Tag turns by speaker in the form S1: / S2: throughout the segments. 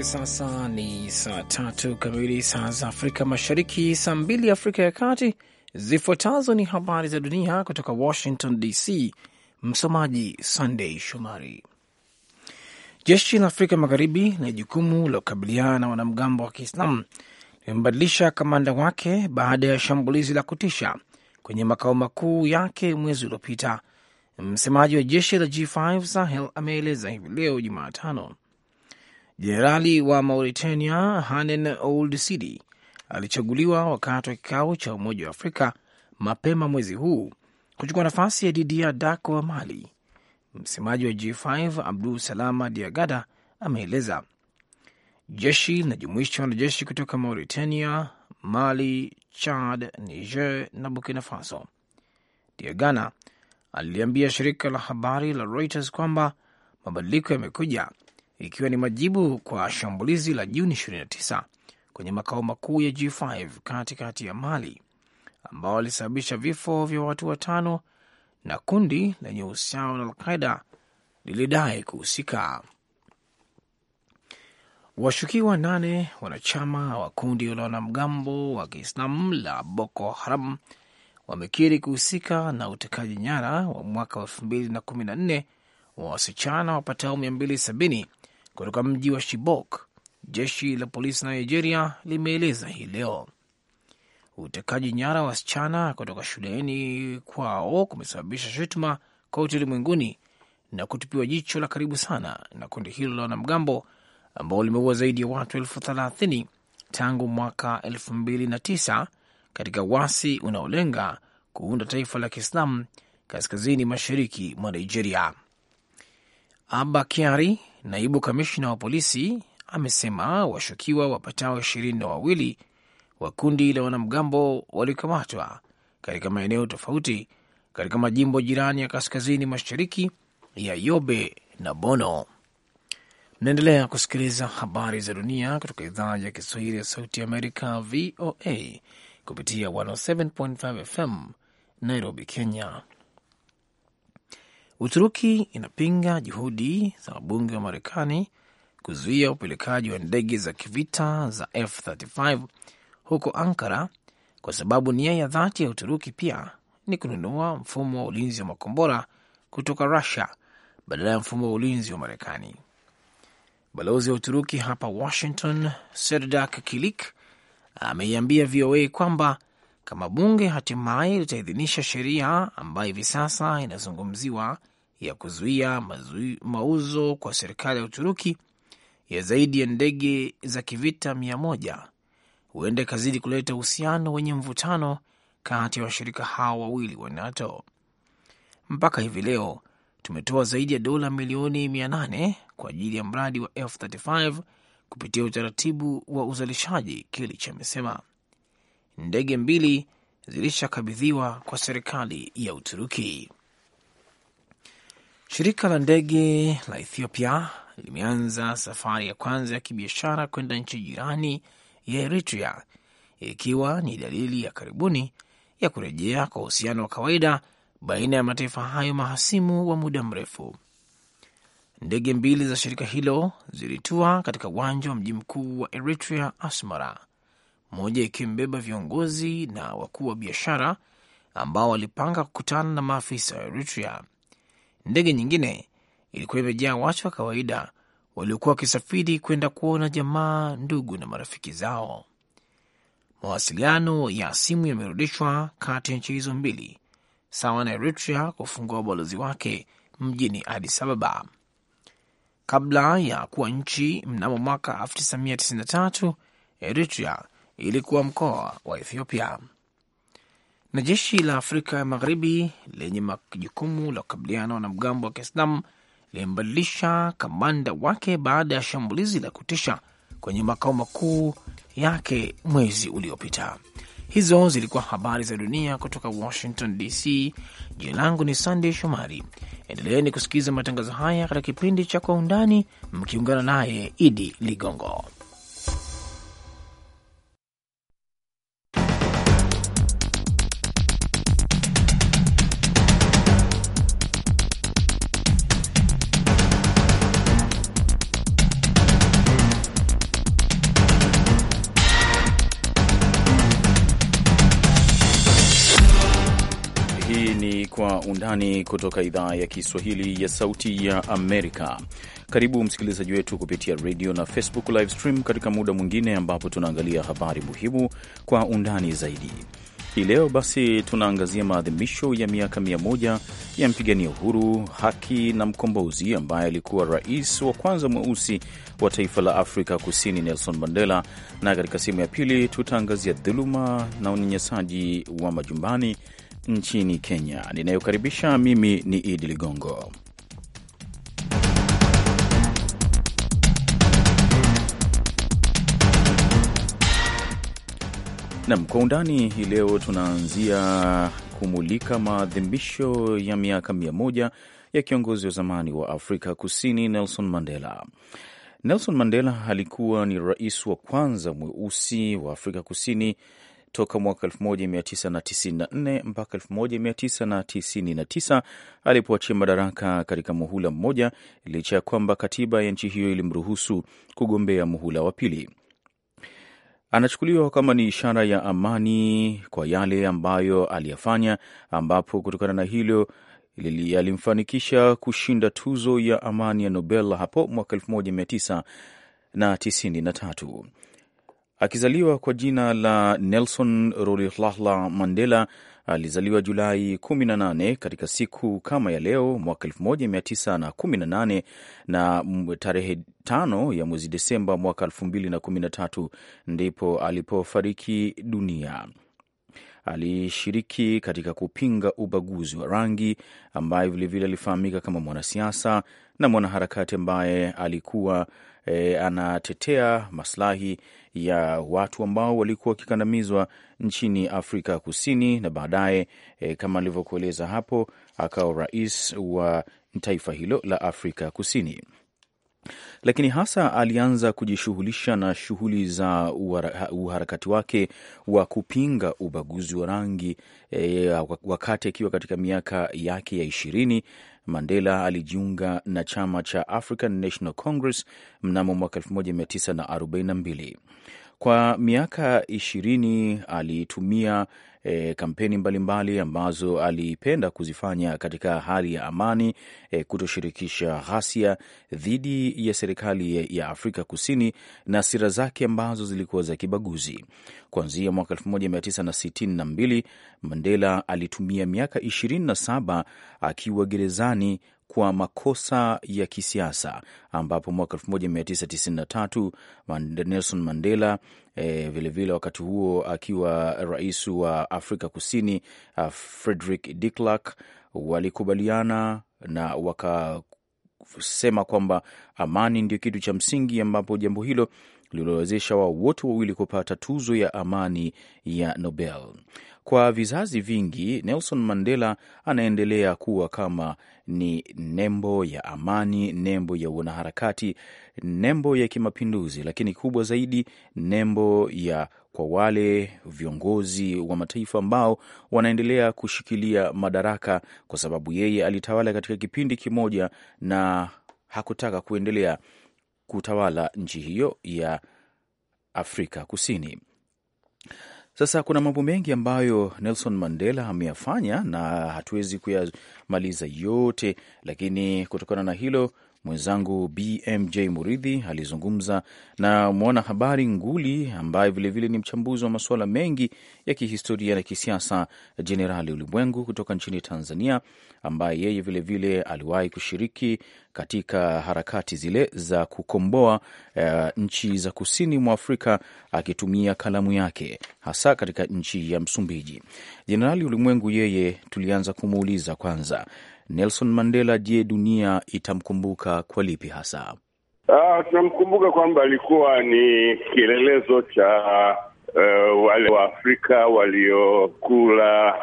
S1: hivi sasa ni saa tatu kamili saa za Afrika Mashariki, saa mbili Afrika ya Kati. Zifuatazo ni habari za dunia kutoka Washington DC. Msomaji Sandei Shomari. Jeshi la Afrika Magharibi lenye jukumu la kukabiliana na wanamgambo wa Kiislamu limebadilisha kamanda wake baada ya shambulizi la kutisha kwenye makao makuu yake mwezi uliopita. Msemaji wa jeshi la G5 Sahel ameeleza hivi leo Jumatano Jenerali wa Mauritania Hanen old Sidi alichaguliwa wakati wa kikao cha Umoja wa Afrika mapema mwezi huu kuchukua nafasi ya Didia Dako wa Mali. Msemaji wa G5 Abdul Salama Diagada ameeleza jeshi linajumuisha wanajeshi kutoka Mauritania, Mali, Chad, Niger na Burkina Faso. Diagana aliliambia shirika la habari la Reuters kwamba mabadiliko yamekuja ikiwa ni majibu kwa shambulizi la Juni 29 kwenye makao makuu ya G5 katikati kati ya Mali ambao walisababisha vifo vya watu watano na kundi lenye uhusiano na Alqaida lilidai kuhusika. Washukiwa nane wanachama wa kundi la wanamgambo wa Kiislamu la Boko Haram wamekiri kuhusika na utekaji nyara wa mwaka wa elfu mbili na kumi na nne wa wasichana wapatao mia mbili sabini kutoka mji wa Chibok, jeshi la polisi la Nigeria limeeleza hii leo. Utekaji nyara wasichana kutoka shuleni kwao kumesababisha shutuma kote ulimwenguni na kutupiwa jicho la karibu sana na kundi hilo la wanamgambo ambao limeua zaidi ya watu elfu thelathini tangu mwaka elfu mbili na tisa katika wasi unaolenga kuunda taifa la Kiislamu kaskazini mashariki mwa Nigeria. Abba Kyari, naibu kamishna wa polisi amesema washukiwa wapatao ishirini na wawili wa kundi la wanamgambo walikamatwa katika maeneo tofauti katika majimbo jirani ya kaskazini mashariki ya Yobe na Bono. Mnaendelea kusikiliza habari za dunia kutoka idhaa ya Kiswahili ya Sauti ya Amerika, VOA, kupitia 107.5 FM Nairobi, Kenya. Uturuki inapinga juhudi za wabunge wa Marekani kuzuia upelekaji wa ndege za kivita za F35 huko Ankara kwa sababu nia ya dhati ya Uturuki pia ni kununua mfumo wa ulinzi wa makombora kutoka Rusia badala ya mfumo wa ulinzi wa Marekani. Balozi wa Uturuki hapa Washington, Serdak Kilik, ameiambia VOA kwamba kama bunge hatimaye litaidhinisha sheria ambayo hivi sasa inazungumziwa ya kuzuia mauzo kwa serikali ya Uturuki ya zaidi ya ndege za kivita mia moja huenda ikazidi kuleta uhusiano wenye mvutano kati ya washirika hao wawili wa NATO. Mpaka hivi leo tumetoa zaidi ya dola milioni nane kwa ajili ya mradi wa F35 kupitia utaratibu wa uzalishaji, Kilich amesema. Ndege mbili zilishakabidhiwa kwa serikali ya Uturuki. Shirika la ndege la Ethiopia limeanza safari ya kwanza ya kibiashara kwenda nchi jirani ya Eritrea, ikiwa ni dalili ya karibuni ya kurejea kwa uhusiano wa kawaida baina ya mataifa hayo mahasimu wa muda mrefu. Ndege mbili za shirika hilo zilitua katika uwanja wa mji mkuu wa Eritrea, Asmara, moja ikimbeba viongozi na wakuu wa biashara ambao walipanga kukutana na maafisa wa Eritrea Ndege nyingine ilikuwa imejaa watu wa kawaida waliokuwa wakisafiri kwenda kuona jamaa, ndugu na marafiki zao. Mawasiliano ya simu yamerudishwa kati ya nchi hizo mbili, sawa na Eritrea kufungua ubalozi wake mjini Addis Ababa. Kabla ya kuwa nchi mnamo mwaka 1993, Eritrea ilikuwa mkoa wa Ethiopia. Na jeshi la Afrika ya Magharibi lenye jukumu la kukabiliana na wanamgambo wa Kiislamu limebadilisha kamanda wake baada ya shambulizi la kutisha kwenye makao makuu yake mwezi uliopita. Hizo zilikuwa habari za dunia kutoka Washington DC. Jina langu ni Sandey Shomari. Endeleeni kusikiliza matangazo haya katika kipindi cha Kwa Undani, mkiungana naye Idi Ligongo.
S2: Undani kutoka idhaa ya Kiswahili ya Sauti ya Amerika. Karibu msikilizaji wetu kupitia radio na Facebook live stream katika muda mwingine ambapo tunaangalia habari muhimu kwa undani zaidi. Hii leo basi tunaangazia maadhimisho ya miaka mia moja ya mpigania uhuru, haki na mkombozi ambaye alikuwa rais wa kwanza mweusi wa taifa la Afrika Kusini, Nelson Mandela, na katika sehemu ya pili tutaangazia dhuluma na unyanyasaji wa majumbani nchini Kenya. Ninayokaribisha mimi ni Idi Ligongo. Nam, kwa undani hii leo tunaanzia kumulika maadhimisho ya miaka mia moja ya kiongozi wa zamani wa Afrika Kusini Nelson Mandela. Nelson Mandela alikuwa ni rais wa kwanza mweusi wa Afrika Kusini toka mwaka 1994 mpaka 1999 alipoachia madaraka katika muhula mmoja, licha ya kwamba katiba ya nchi hiyo ilimruhusu kugombea muhula wa pili. Anachukuliwa kama ni ishara ya amani kwa yale ambayo aliyafanya, ambapo kutokana na hilo alimfanikisha kushinda tuzo ya amani ya Nobel hapo mwaka 1993. Akizaliwa kwa jina la Nelson Rolihlahla Mandela, alizaliwa Julai 18 katika siku kama ya leo mwaka 1918 na tarehe tano ya mwezi Desemba mwaka 2013 ndipo alipofariki dunia. Alishiriki katika kupinga ubaguzi wa rangi, ambaye vilevile alifahamika kama mwanasiasa na mwanaharakati ambaye alikuwa e, anatetea maslahi ya watu ambao walikuwa wakikandamizwa nchini Afrika Kusini, na baadaye e, kama alivyokueleza hapo, akawa rais wa taifa hilo la Afrika Kusini lakini hasa alianza kujishughulisha na shughuli za uharakati wake wa kupinga ubaguzi wa rangi e, wakati akiwa katika miaka yake ya ishirini. Mandela alijiunga na chama cha African National Congress mnamo mwaka 1942. Kwa miaka ishirini alitumia E, kampeni mbalimbali mbali ambazo alipenda kuzifanya katika hali ya amani e, kutoshirikisha ghasia dhidi ya serikali ya Afrika Kusini na sira zake ambazo zilikuwa za kibaguzi. Kuanzia mwaka 1962 Mandela alitumia miaka 27 akiwa gerezani kwa makosa ya kisiasa ambapo mwaka 1993 Nelson Mandela vilevile vile wakati huo akiwa rais wa Afrika Kusini Frederick de Klerk walikubaliana na wakasema kwamba amani ndio kitu cha msingi, ambapo jambo hilo lililowezesha wao wote wawili kupata tuzo ya amani ya Nobel. Kwa vizazi vingi, Nelson Mandela anaendelea kuwa kama ni nembo ya amani, nembo ya wanaharakati, nembo ya kimapinduzi, lakini kubwa zaidi, nembo ya kwa wale viongozi wa mataifa ambao wanaendelea kushikilia madaraka, kwa sababu yeye alitawala katika kipindi kimoja na hakutaka kuendelea kutawala nchi hiyo ya Afrika Kusini. Sasa kuna mambo mengi ambayo Nelson Mandela ameyafanya na hatuwezi kuyamaliza yote, lakini kutokana na hilo Mwenzangu BMJ Muridhi alizungumza na mwanahabari nguli ambaye vilevile ni mchambuzi wa masuala mengi ya kihistoria na kisiasa, Jenerali Ulimwengu kutoka nchini Tanzania, ambaye yeye vilevile aliwahi kushiriki katika harakati zile za kukomboa uh, nchi za kusini mwa Afrika akitumia kalamu yake hasa katika nchi ya Msumbiji. Jenerali Ulimwengu yeye tulianza kumuuliza kwanza Nelson Mandela, je, dunia itamkumbuka kwa lipi hasa?
S3: Uh, tunamkumbuka kwamba alikuwa ni kielelezo cha uh, wale wa Afrika waliokula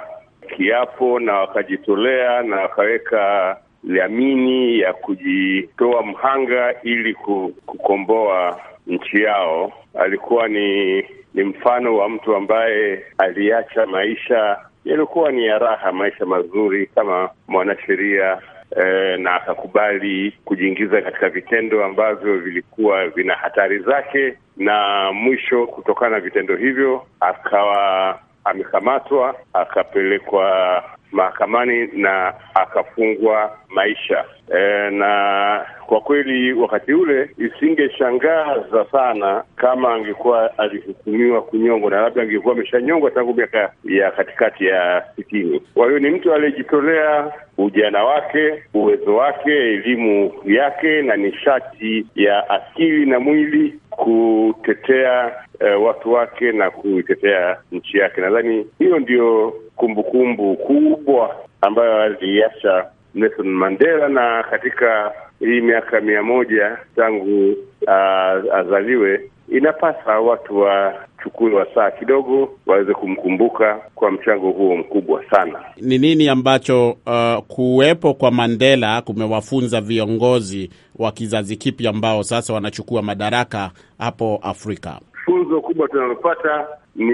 S3: kiapo na wakajitolea na wakaweka dhamini ya kujitoa mhanga ili kukomboa nchi yao. Alikuwa ni ni mfano wa mtu ambaye aliacha maisha yalikuwa ni ya raha, maisha mazuri kama mwanasheria E, na akakubali kujiingiza katika vitendo ambavyo vilikuwa vina hatari zake, na mwisho, kutokana na vitendo hivyo, akawa amekamatwa akapelekwa mahakamani na akafungwa maisha e, na kwa kweli wakati ule isingeshangaza sana kama angekuwa alihukumiwa kunyongwa, na labda angekuwa ameshanyongwa tangu miaka ya katikati ya sitini. Kwa hiyo ni mtu aliyejitolea ujana wake, uwezo wake, elimu yake na nishati ya akili na mwili kutetea uh, watu wake na kuitetea nchi yake. Nadhani hiyo ndiyo kumbukumbu kubwa ambayo aliacha Nelson Mandela, na katika hii miaka mia moja tangu uh, azaliwe inapasa watu wachukue wasaa kidogo waweze kumkumbuka kwa mchango huo mkubwa sana.
S4: Ni nini ambacho uh, kuwepo kwa Mandela kumewafunza viongozi wa kizazi kipya ambao sasa wanachukua madaraka hapo Afrika?
S3: Funzo kubwa tunalopata ni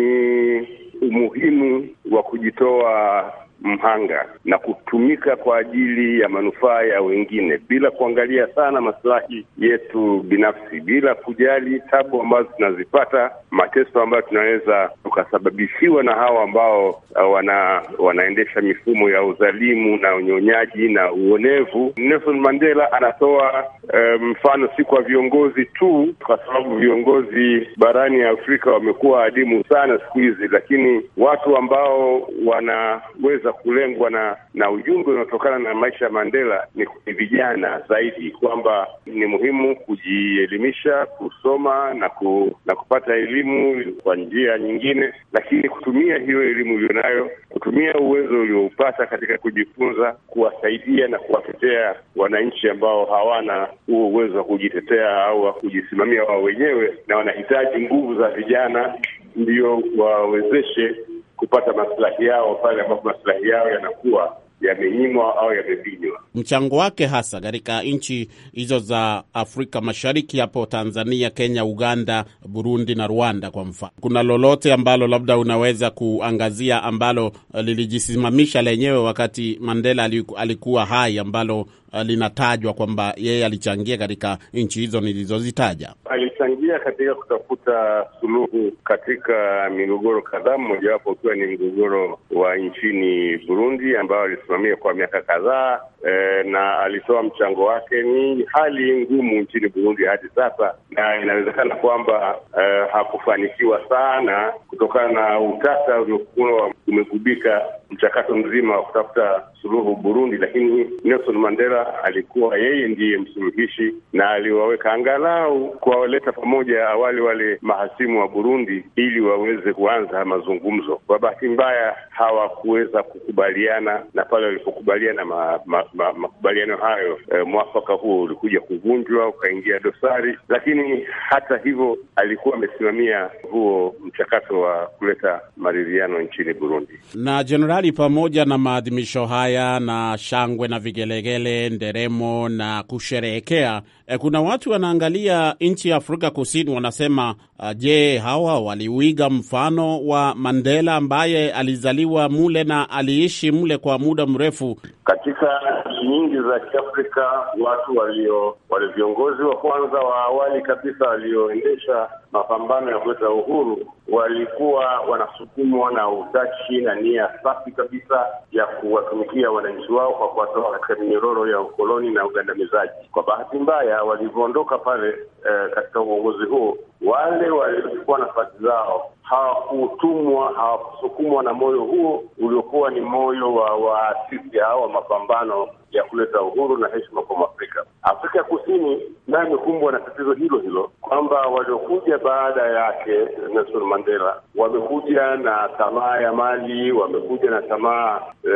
S3: umuhimu wa kujitoa mhanga na kutumika kwa ajili ya manufaa ya wengine bila kuangalia sana masilahi yetu binafsi, bila kujali tabu ambazo tunazipata, mateso ambayo tunaweza tukasababishiwa na hawa ambao uh, wana, wanaendesha mifumo ya udhalimu na unyonyaji na uonevu. Nelson Mandela anatoa eh, mfano um, si kwa viongozi tu, kwa sababu viongozi barani ya Afrika wamekuwa adimu sana siku hizi, lakini lakini watu ambao wanaweza kulengwa na na ujumbe unaotokana na maisha ya Mandela ni vijana zaidi, kwamba ni muhimu kujielimisha, kusoma na ku, na kupata elimu kwa njia nyingine, lakini kutumia hiyo elimu ulionayo, kutumia uwezo ulioupata katika kujifunza, kuwasaidia na kuwatetea wananchi ambao hawana huo uwezo wa kujitetea au wa kujisimamia wao wenyewe na wanahitaji nguvu za vijana ndio wawezeshe kupata maslahi yao pale ambapo maslahi yao yanakuwa yamenyimwa au yamevinywa.
S4: Mchango wake hasa katika nchi hizo za Afrika Mashariki hapo Tanzania, Kenya, Uganda, Burundi na Rwanda kwa mfano, kuna lolote ambalo labda unaweza kuangazia ambalo lilijisimamisha lenyewe wakati Mandela alikuwa hai, ambalo Uh, linatajwa kwamba yeye alichangia katika nchi hizo nilizozitaja.
S3: Alichangia katika kutafuta suluhu katika migogoro kadhaa, mmojawapo ukiwa ni mgogoro wa nchini Burundi ambayo alisimamia kwa miaka kadhaa e, na alitoa mchango wake. Ni hali ngumu nchini Burundi hadi sasa, na inawezekana kwamba e, hakufanikiwa sana kutokana na utata uliokuwa umegubika mchakato mzima wa kutafuta suluhu Burundi, lakini Nelson Mandela alikuwa yeye ndiye msuluhishi na aliwaweka angalau kuwaleta pamoja awali wale mahasimu wa Burundi ili waweze kuanza mazungumzo. Kwa bahati mbaya hawakuweza kukubaliana, na pale walipokubaliana ma, ma, ma, makubaliano hayo e, mwafaka huo ulikuja kuvunjwa ukaingia dosari, lakini hata hivyo alikuwa amesimamia huo mchakato wa kuleta maridhiano nchini Burundi
S4: na General mbalimbali pamoja na maadhimisho haya na shangwe na vigelegele, nderemo na kusherehekea, E, kuna watu wanaangalia nchi ya Afrika Kusini wanasema, uh, je, hawa waliuiga mfano wa Mandela ambaye alizaliwa mule na aliishi mule kwa muda mrefu.
S3: Katika nchi nyingi za Kiafrika watu walio wale viongozi wa kwanza wa awali kabisa walioendesha mapambano ya kuleta uhuru walikuwa wanasukumwa na utashi na nia safi kabisa ya kuwatumikia wananchi wao kwa kuwatoa katika minyororo ya ukoloni na ugandamizaji. Kwa bahati mbaya walivyoondoka pale eh, katika uongozi huo wale waliochukua nafasi zao hawakutumwa, hawakusukumwa na moyo huo uliokuwa ni moyo wa waasisi au wa mapambano ya kuleta uhuru na heshima kwa Mwafrika. Afrika ya Kusini nayo imekumbwa na tatizo hilo hilo, kwamba waliokuja baada yake Nelson Mandela wamekuja na tamaa ya mali, wamekuja na tamaa e,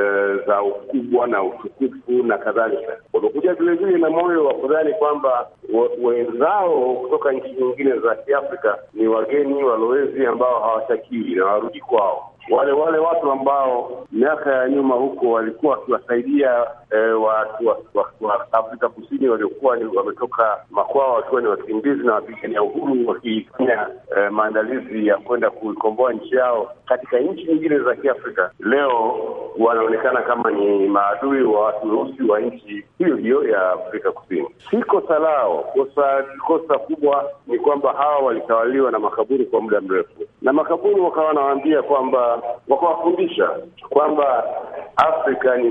S3: za ukubwa na utukufu na kadhalika. Wamekuja vilevile na moyo wa kudhani kwamba wenzao kutoka nchi nyingine za Afrika ni wageni walowezi ambao hawatakiwi na warudi kwao wale wale watu ambao miaka ya nyuma huko walikuwa wakiwasaidia e, watu wa, wa, wa Afrika Kusini waliokuwa wametoka makwao wakiwa ni wakimbizi na wapigania uhuru wakifanya e, maandalizi ya kwenda kuikomboa nchi yao katika nchi nyingine za Kiafrika, leo wanaonekana kama ni maadui wa watu weusi wa nchi hiyo hiyo ya Afrika Kusini. Si kosa lao, kosa kosa kubwa ni kwamba hawa walitawaliwa na makaburi kwa muda mrefu na makaburu wakawa wanawaambia kwamba wakawafundisha kwamba Afrika ni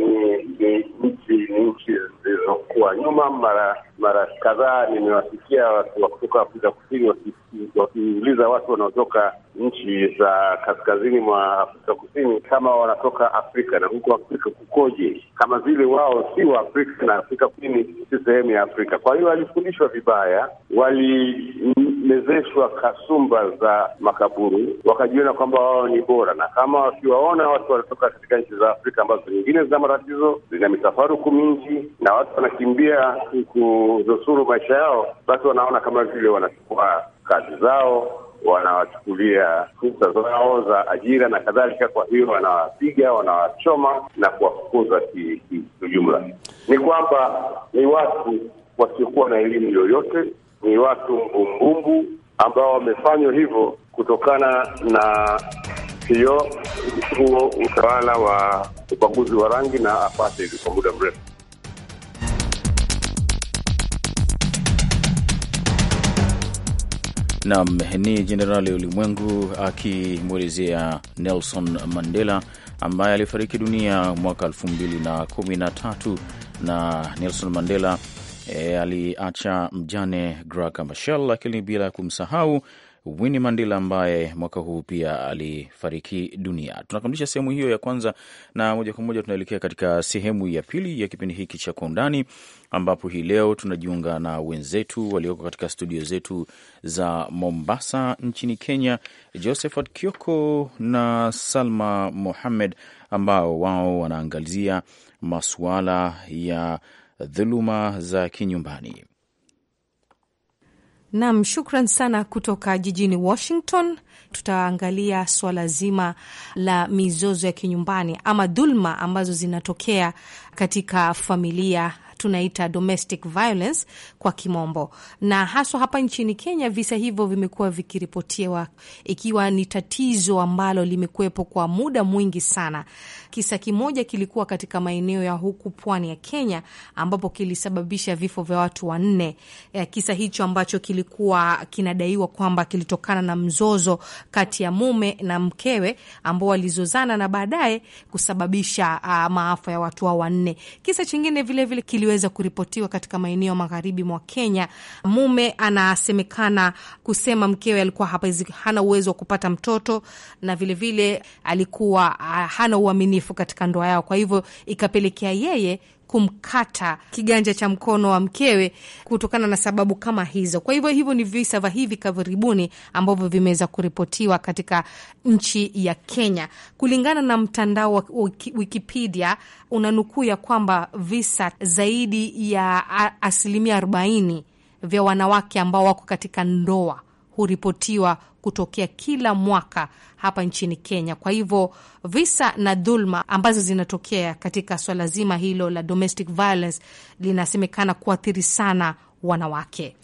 S3: nchi ni nchi zilizokuwa nyuma mara mara kadhaa nimewasikia watu wa kutoka Afrika Kusini wakiuliza watu wanaotoka nchi za kaskazini mwa Afrika Kusini kama wanatoka Afrika na huko Afrika kukoje, kama vile wao si wa Afrika na Afrika Kusini si sehemu ya Afrika. Kwa hiyo walifundishwa vibaya, walimezeshwa kasumba za makaburu, wakajiona kwamba wao ni bora, na kama wakiwaona watu wanatoka katika nchi za Afrika ambazo nyingine zina matatizo, zina misafaruku mingi na watu wanakimbia huku kunusuru maisha yao, basi wanaona kama vile wanachukua kazi zao, wanawachukulia fursa zao za ajira na kadhalika. Kwa hiyo wanawapiga, wanawachoma na kuwafukuza kiujumla. ni kwamba ni watu wasiokuwa na elimu yoyote, ni watu mbumbumbu ambao wamefanywa hivyo kutokana na hiyo huo utawala wa ubaguzi wa rangi na apate kwa muda mrefu.
S2: Nam ni Jenerali Ulimwengu akimwelezea Nelson Mandela ambaye alifariki dunia mwaka 213 na, na Nelson Mandela e, aliacha mjane Graca Machel, lakini bila kumsahau Winnie Mandela ambaye mwaka huu pia alifariki dunia. Tunakamilisha sehemu hiyo ya kwanza na moja kwa moja tunaelekea katika sehemu ya pili ya kipindi hiki cha Kwa Undani, ambapo hii leo tunajiunga na wenzetu walioko katika studio zetu za Mombasa nchini Kenya, Josephat Kioko na Salma Mohamed, ambao wao wanaangazia masuala ya dhuluma za kinyumbani.
S5: Nam, shukran sana kutoka jijini Washington. Tutaangalia swala zima la mizozo ya kinyumbani ama dhulma ambazo zinatokea katika familia tunaita domestic violence kwa kimombo, na haswa hapa nchini Kenya visa hivyo vimekuwa vikiripotiwa, ikiwa ni tatizo ambalo limekuwepo kwa muda mwingi sana. Kisa kimoja kilikuwa katika maeneo ya huku pwani ya Kenya ambapo kilisababisha vifo vya watu wanne. Eh, kisa hicho ambacho kilikuwa kinadaiwa kwamba kilitokana na mzozo kati ya mume na mkewe ambao walizozana na baadaye kusababisha uh, maafa ya watu hao wanne. Kisa chingine vilevile vile iliweza kuripotiwa katika maeneo magharibi mwa Kenya. Mume anasemekana kusema mkewe alikuwa hapa, hana uwezo wa kupata mtoto na vilevile vile alikuwa ah, hana uaminifu katika ndoa yao, kwa hivyo ikapelekea yeye kumkata kiganja cha mkono wa mkewe kutokana na sababu kama hizo. Kwa hivyo hivyo ni visa vya hivi karibuni ambavyo vimeweza kuripotiwa katika nchi ya Kenya. Kulingana na mtandao wa Wikipedia, unanukuu ya kwamba visa zaidi ya asilimia 40 vya wanawake ambao wako katika ndoa huripotiwa kutokea kila mwaka hapa nchini Kenya. Kwa hivyo visa na dhulma ambazo zinatokea katika swala zima hilo la domestic violence linasemekana kuathiri sana wanawake.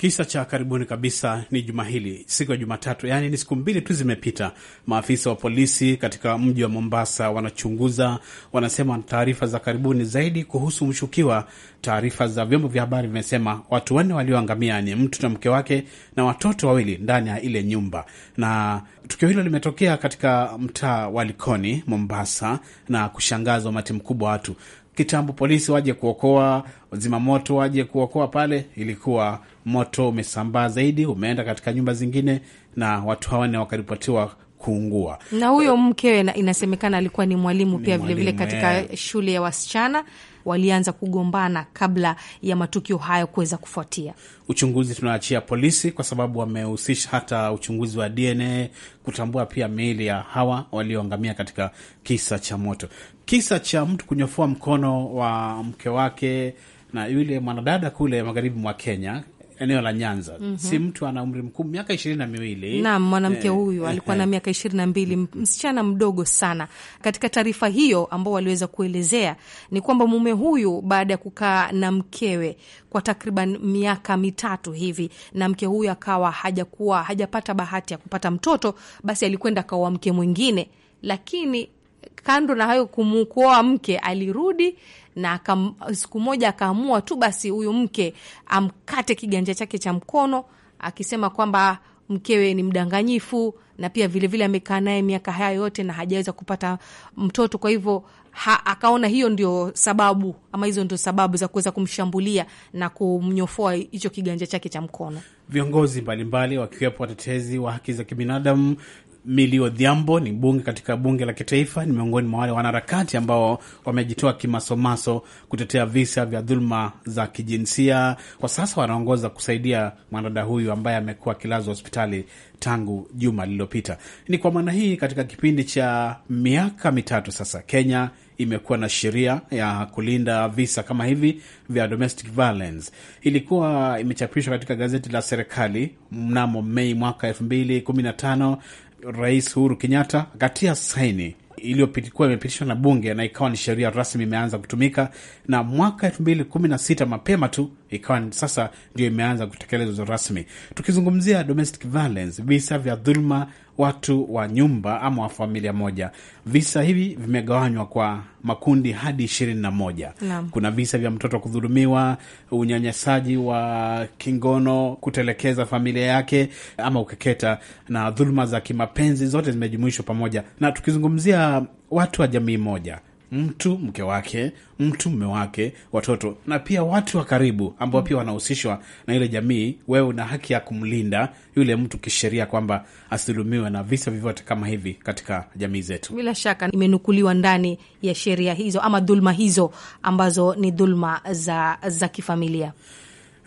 S6: Kisa cha karibuni kabisa ni juma hili, siku ya Jumatatu, yaani ni siku mbili tu zimepita. Maafisa wa polisi katika mji wa Mombasa wanachunguza, wanasema taarifa za karibuni zaidi kuhusu mshukiwa. Taarifa za vyombo vya habari vimesema watu wanne walioangamia ni mtu na mke wake na watoto wawili ndani ya ile nyumba, na tukio hilo limetokea katika mtaa wa Likoni, Mombasa, na kushangaza umati mkubwa watu. Kitambo polisi waje kuokoa, zimamoto waje kuokoa pale, ilikuwa Moto umesambaa zaidi, umeenda katika nyumba zingine na watu hawa wakaripotiwa kuungua.
S5: Na huyo mkewe inasemekana alikuwa ni mwalimu ni pia vilevile vile katika yeah, shule ya wasichana walianza kugombana kabla ya matukio hayo kuweza kufuatia.
S6: Uchunguzi tunaachia polisi, kwa sababu wamehusisha hata uchunguzi wa DNA kutambua pia miili ya hawa walioangamia katika kisa cha moto. Kisa cha mtu kunyofua mkono wa mke wake na yule mwanadada kule magharibi mwa Kenya eneo la Nyanza. mm -hmm. Si mtu ana umri mkubwa, miaka ishirini na miwili. Naam, mwanamke eh, huyu eh, alikuwa na eh.
S5: miaka ishirini na mbili, msichana mdogo sana. Katika taarifa hiyo ambao waliweza kuelezea ni kwamba mume huyu baada ya kukaa na mkewe kwa takriban miaka mitatu hivi, na mke huyu akawa hajakuwa hajapata bahati ya kupata mtoto, basi alikwenda akaoa mke mwingine, lakini kando na hayo kumkuoa mke alirudi na kam, siku moja akaamua tu basi huyu mke amkate kiganja chake cha mkono, akisema kwamba mkewe ni mdanganyifu na pia vilevile amekaa naye miaka haya yote na hajaweza kupata mtoto. Kwa hivyo ha, akaona hiyo ndio sababu ama hizo ndio sababu za kuweza kumshambulia na kumnyofoa hicho kiganja chake cha mkono.
S6: Viongozi mbalimbali wakiwepo watetezi wa haki za kibinadamu Milio Dhiambo ni bunge katika bunge la kitaifa, ni miongoni mwa wale wanaharakati ambao wamejitoa kimasomaso kutetea visa vya dhuluma za kijinsia. Kwa sasa wanaongoza kusaidia mwanadada huyu ambaye amekuwa akilazwa hospitali tangu juma lililopita. Ni kwa maana hii, katika kipindi cha miaka mitatu sasa, Kenya imekuwa na sheria ya kulinda visa kama hivi vya domestic violence. Ilikuwa imechapishwa katika gazeti la serikali mnamo Mei mwaka elfu mbili kumi na tano Rais Uhuru Kenyatta akatia saini iliyokuwa imepitishwa na bunge na ikawa ni sheria rasmi imeanza kutumika. Na mwaka elfu mbili kumi na sita mapema tu ikawa sasa ndio imeanza kutekelezwa rasmi. Tukizungumzia domestic violence, visa vya dhuluma watu wa nyumba ama wa familia moja, visa hivi vimegawanywa kwa makundi hadi ishirini na moja. Kuna visa vya mtoto kudhulumiwa, unyanyasaji wa kingono, kutelekeza familia yake ama ukeketa, na dhuluma za kimapenzi, zote zimejumuishwa pamoja. Na tukizungumzia watu wa jamii moja mtu mke wake, mtu mme wake, watoto na pia watu wa karibu ambao pia wanahusishwa na ile jamii. Wewe una haki ya kumlinda yule mtu kisheria, kwamba asidhulumiwe na visa vyovyote kama hivi katika jamii zetu.
S5: Bila shaka imenukuliwa ndani ya sheria hizo ama dhulma hizo ambazo ni dhulma za, za kifamilia.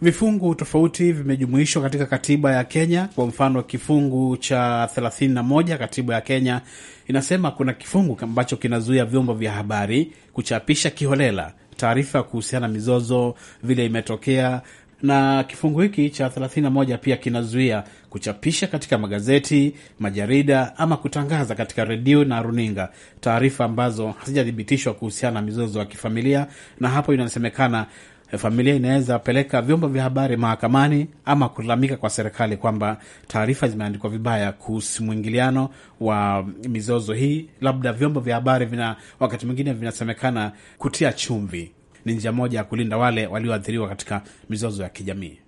S6: Vifungu tofauti vimejumuishwa katika katiba ya Kenya. Kwa mfano, kifungu cha 31 katiba ya Kenya inasema kuna kifungu ambacho kinazuia vyombo vya habari kuchapisha kiholela taarifa kuhusiana mizozo vile imetokea, na kifungu hiki cha 31 pia kinazuia kuchapisha katika magazeti, majarida ama kutangaza katika redio na runinga taarifa ambazo hazijathibitishwa kuhusiana na mizozo ya kifamilia, na hapo inasemekana Eh, familia inaweza peleka vyombo vya habari mahakamani ama kulalamika kwa serikali kwamba taarifa zimeandikwa vibaya kuhusu mwingiliano wa mizozo hii. Labda vyombo vya habari vina wakati mwingine vinasemekana kutia chumvi. Ni njia moja ya kulinda wale walioathiriwa katika mizozo ya kijamii.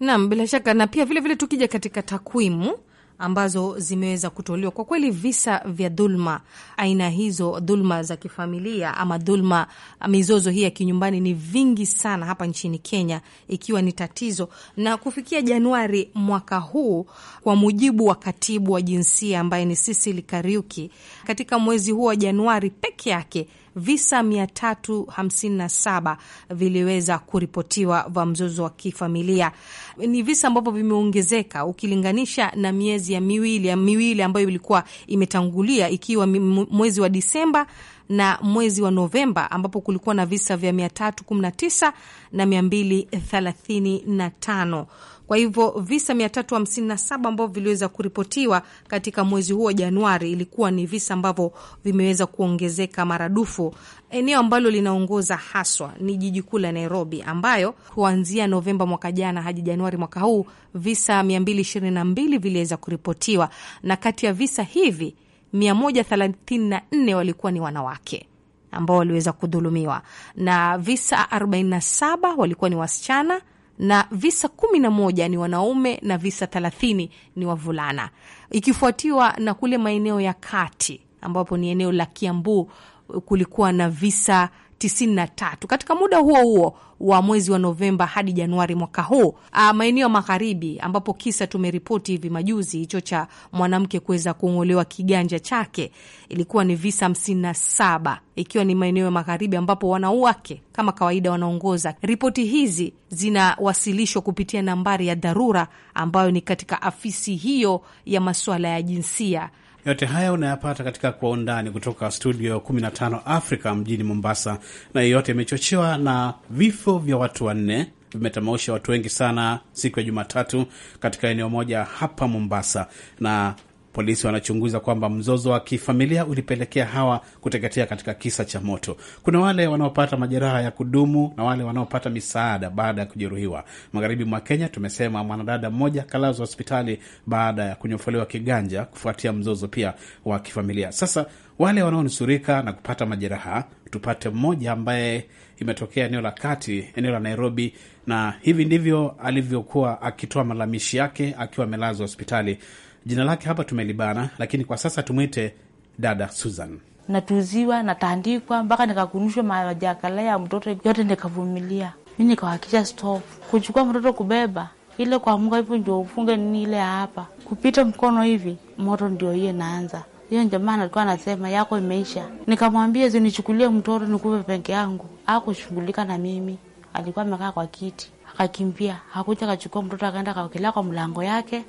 S5: Naam, bila shaka na pia vilevile, tukija katika takwimu ambazo zimeweza kutolewa. Kwa kweli visa vya dhulma aina hizo, dhulma za kifamilia ama dhulma, mizozo hii ya kinyumbani ni vingi sana hapa nchini Kenya, ikiwa ni tatizo. Na kufikia Januari mwaka huu, kwa mujibu wa katibu wa jinsia ambaye ni Sisili Kariuki, katika mwezi huu wa Januari peke yake visa 357 viliweza kuripotiwa vya mzozo wa kifamilia. Ni visa ambavyo vimeongezeka ukilinganisha na miezi ya miwili ya miwili ambayo ilikuwa imetangulia, ikiwa mwezi wa Disemba na mwezi wa Novemba ambapo kulikuwa na visa vya 319 na 235. Kwa hivyo visa 357 ambavyo viliweza kuripotiwa katika mwezi huo wa Januari ilikuwa ni visa ambavyo vimeweza kuongezeka maradufu. Eneo ambalo linaongoza haswa ni jiji kuu la Nairobi, ambayo kuanzia Novemba mwaka jana hadi Januari mwaka huu visa 222 viliweza kuripotiwa, na kati ya visa hivi 134 walikuwa ni wanawake ambao waliweza kudhulumiwa na visa 47 walikuwa ni wasichana na visa 11 na moja ni wanaume na visa 30 ni wavulana, ikifuatiwa na kule maeneo ya kati ambapo ni eneo la Kiambu kulikuwa na visa 93 katika muda huo huo wa mwezi wa Novemba hadi Januari mwaka huu. Ah, maeneo ya magharibi ambapo kisa tumeripoti hivi majuzi hicho cha mwanamke kuweza kung'olewa kiganja chake, ilikuwa ni visa 57 ikiwa ni maeneo ya magharibi ambapo wanawake kama kawaida wanaongoza. Ripoti hizi zinawasilishwa kupitia nambari ya dharura ambayo ni katika afisi hiyo ya masuala ya jinsia
S6: yote haya unayapata katika Kwa Undani kutoka studio 15 Africa mjini Mombasa, na yote imechochewa na vifo vya watu wanne vimetamausha watu wengi sana siku ya Jumatatu katika eneo moja hapa Mombasa, na Polisi wanachunguza kwamba mzozo wa kifamilia ulipelekea hawa kuteketea katika kisa cha moto. Kuna wale wanaopata majeraha ya kudumu na wale wanaopata misaada baada ya kujeruhiwa. Magharibi mwa Kenya, tumesema mwanadada mmoja kalazwa hospitali baada ya kunyofolewa kiganja kufuatia mzozo pia wa kifamilia. Sasa wale wanaonusurika na kupata majeraha, tupate mmoja ambaye imetokea eneo la kati, eneo la Nairobi, na hivi ndivyo alivyokuwa akitoa malalamishi yake akiwa amelazwa hospitali Jina lake hapa tumelibana, lakini kwa sasa tumwite dada Susan.
S5: Natuziwa, natandikwa mpaka nikakunushwa majakala ya mtoto yote, nikavumilia mi, nikawakisha stop kuchukua mtoto kubeba ile kuamka hivyo ndio ufunge nini ile hapa kupita mkono hivi moto ndio hiyo naanza hiyo. Jamaa alikuwa anasema yako imeisha, nikamwambia zinichukulie mtoto nikuve peke yangu, akushughulika na mimi. Alikuwa amekaa kwa kiti, akakimbia, hakuja akachukua mtoto, akaenda akawekelea kwa mlango yake,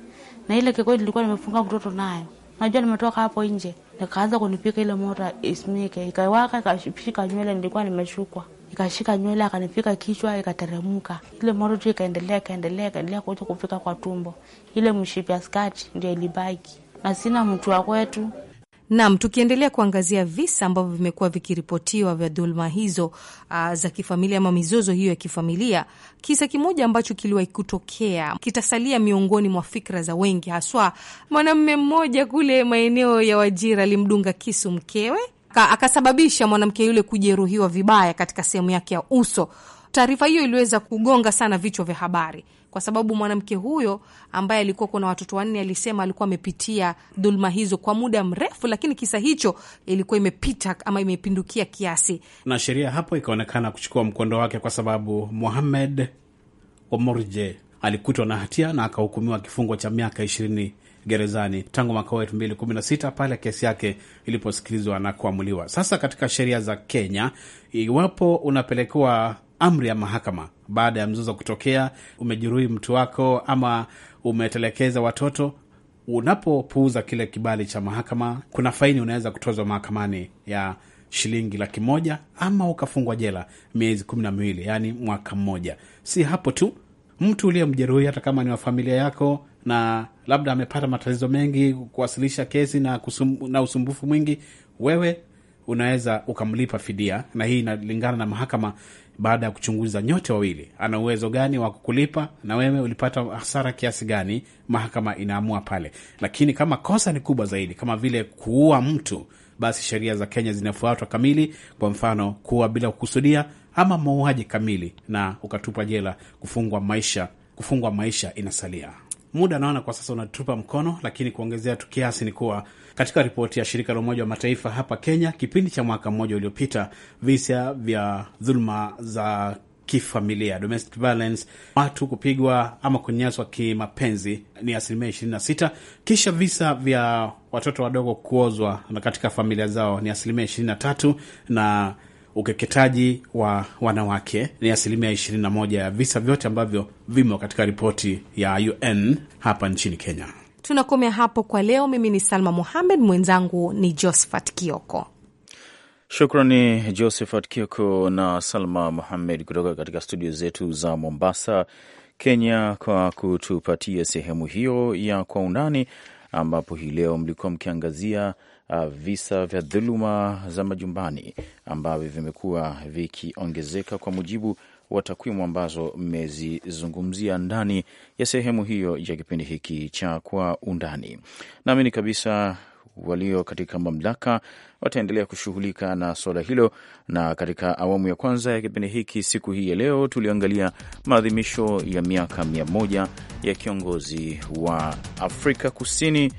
S5: na ile kikoi nilikuwa nimefunga mtoto nayo. Najua nimetoka hapo nje, nikaanza kunipika ile moto isimike, ikawaka, ikashika nywele, nilikuwa nimeshukwa ikashika nywele akanifika kichwa ikateremka. Ile moto tu ikaendelea ikaendelea ikaendelea kuja kufika kwa tumbo, ile mshipi ya skati ndio ilibaki, na sina mtu wa kwetu Nam, tukiendelea kuangazia visa ambavyo vimekuwa vikiripotiwa vya dhuluma hizo uh, za kifamilia ama mizozo hiyo ya kifamilia. Kisa kimoja ambacho kiliwahi kutokea kitasalia miongoni mwa fikra za wengi, haswa mwanamume mmoja kule maeneo ya Wajira alimdunga kisu mkewe, akasababisha mwanamke yule kujeruhiwa vibaya katika sehemu yake ya uso. Taarifa hiyo iliweza kugonga sana vichwa vya habari kwa sababu mwanamke huyo ambaye alikuwa kuna watoto wanne alisema alikuwa amepitia dhuluma hizo kwa muda mrefu, lakini kisa hicho ilikuwa imepita ama imepindukia kiasi,
S6: na sheria hapo ikaonekana kuchukua mkondo wake, kwa sababu Mohamed Omorje alikutwa na hatia na akahukumiwa kifungo cha miaka ishirini gerezani tangu mwaka wa elfu mbili kumi na sita pale kesi yake iliposikilizwa na kuamuliwa. Sasa katika sheria za Kenya, iwapo unapelekewa amri ya mahakama baada ya mzozo kutokea, umejeruhi mtu wako ama umetelekeza watoto Unapopuuza kile kibali cha mahakama, kuna faini unaweza kutozwa mahakamani ya shilingi laki moja ama ukafungwa jela miezi kumi na miwili, yaani mwaka mmoja. Si hapo tu, mtu uliyemjeruhi hata kama ni wa familia yako na labda amepata matatizo mengi kuwasilisha kesi na, kusum, na usumbufu mwingi, wewe unaweza ukamlipa fidia, na hii inalingana na mahakama baada ya kuchunguza nyote wawili, ana uwezo gani wa kukulipa na wewe ulipata hasara kiasi gani, mahakama inaamua pale. Lakini kama kosa ni kubwa zaidi, kama vile kuua mtu, basi sheria za Kenya zinafuatwa kamili. Kwa mfano, kuua bila kukusudia ama mauaji kamili, na ukatupa jela, kufungwa maisha. Kufungwa maisha inasalia muda naona kwa sasa unatupa mkono, lakini kuongezea tu kiasi ni kuwa katika ripoti ya shirika la Umoja wa Mataifa hapa Kenya, kipindi cha mwaka mmoja uliopita, visa vya dhuluma za kifamilia domestic violence, watu kupigwa ama kunyanyaswa kimapenzi ni asilimia 26. Kisha visa vya watoto wadogo kuozwa katika familia zao ni asilimia 23 na ukeketaji wa wanawake ni asilimia 21 ya visa vyote ambavyo vimo katika ripoti ya UN hapa nchini Kenya.
S5: Tunakomea hapo kwa leo. Mimi ni Salma Muhamed, mwenzangu ni Josephat Kioko.
S2: Shukrani Josephat Kioko na Salma muhamed kutoka katika studio zetu za Mombasa, Kenya, kwa kutupatia sehemu hiyo ya Kwa Undani, ambapo hii leo mlikuwa mkiangazia Uh, visa vya dhuluma za majumbani ambavyo vimekuwa vikiongezeka kwa mujibu wa takwimu ambazo mmezizungumzia ndani ya sehemu hiyo ya kipindi hiki cha Kwa Undani. Naamini kabisa walio katika mamlaka wataendelea kushughulika na suala hilo. Na katika awamu ya kwanza ya kipindi hiki siku hii ya leo, tuliangalia maadhimisho ya miaka mia moja ya kiongozi wa Afrika Kusini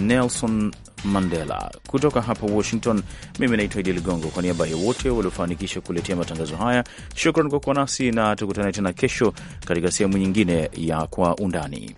S2: Nelson Mandela. Kutoka hapa Washington, mimi naitwa Idi Ligongo, kwa niaba ya wote waliofanikisha kuletea matangazo haya, shukran kwa kuwa nasi na tukutane tena kesho katika sehemu nyingine ya Kwa Undani.